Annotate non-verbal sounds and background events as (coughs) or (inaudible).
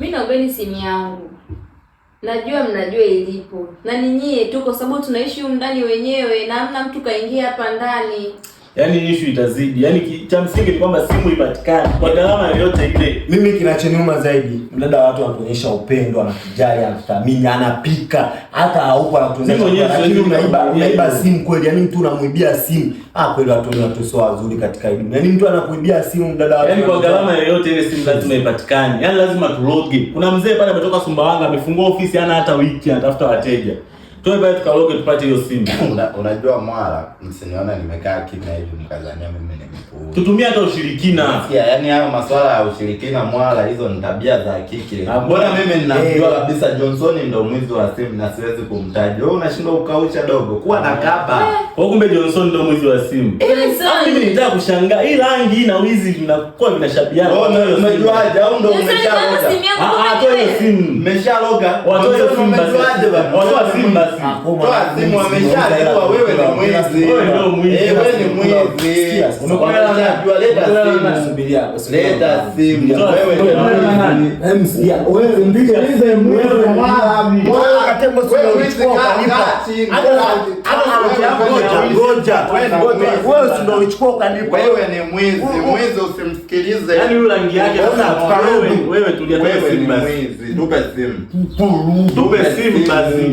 mi naombeni simu yangu, najua mnajua ilipo na ni nyie tu, kwa sababu tunaishi huko ndani wenyewe na hamna mtu kaingia hapa ndani. Yaani issue itazidi. Yaani cha msingi ni kwamba simu ipatikane kwa gharama yoyote ile. Mimi kinachoniuma zaidi, mdada wa watu anatuonyesha upendo, anakujali, anakuthamini, anapika, hata hauko anakutunza. Lakini unaiba unaiba simu kweli. Yaani mtu unamwibia simu. Ah, kweli watu ni watu sio wazuri katika elimu. Yaani mtu anakuibia simu mdada wa watu. Yaani kwa gharama yoyote ile simu lazima ipatikane. Yaani lazima tuloge. Kuna mzee pale ametoka Sumbawanga amefungua ofisi hana hata wiki anatafuta wateja. Tuwe baya tukaloge tupate hiyo simu. (coughs) unajua mwala msiniona nimekaa kimya hivi mkazania mimi ni mpuuzi. Tutumia hata ushirikina. Yeah, yaani hayo masuala ya ushirikina mwala hizo ni tabia za kike. Ah, mbona mimi ninajua eh. kabisa hey, Johnson ndio mwizi wa simu na siwezi kumtaja. Wewe unashindwa ukaucha dogo. Kuwa na ah. kapa. Kwa eh. kumbe Johnson ndio mwizi wa simu. Mimi nitaka kushangaa hii rangi na wizi vinakuwa vinashabiana. Oh, unajua dada huyo ndio umeshaloga. Ah ah, toa hiyo simu. Umeshaloga. Watoa hiyo simu basi. Watoa simu basi. Ah, toa simu wameshaloga wewe ni mwizi. Wewe ndio mwizi. Wewe ni mwizi. Umekwenda na jua leta simu. Subiria. Leta simu. Wewe ndio mwizi. Msikia. Wewe mpiga hizo mwizi wewe ndio ulichukua ukanipa. Yaani tupe simu basi.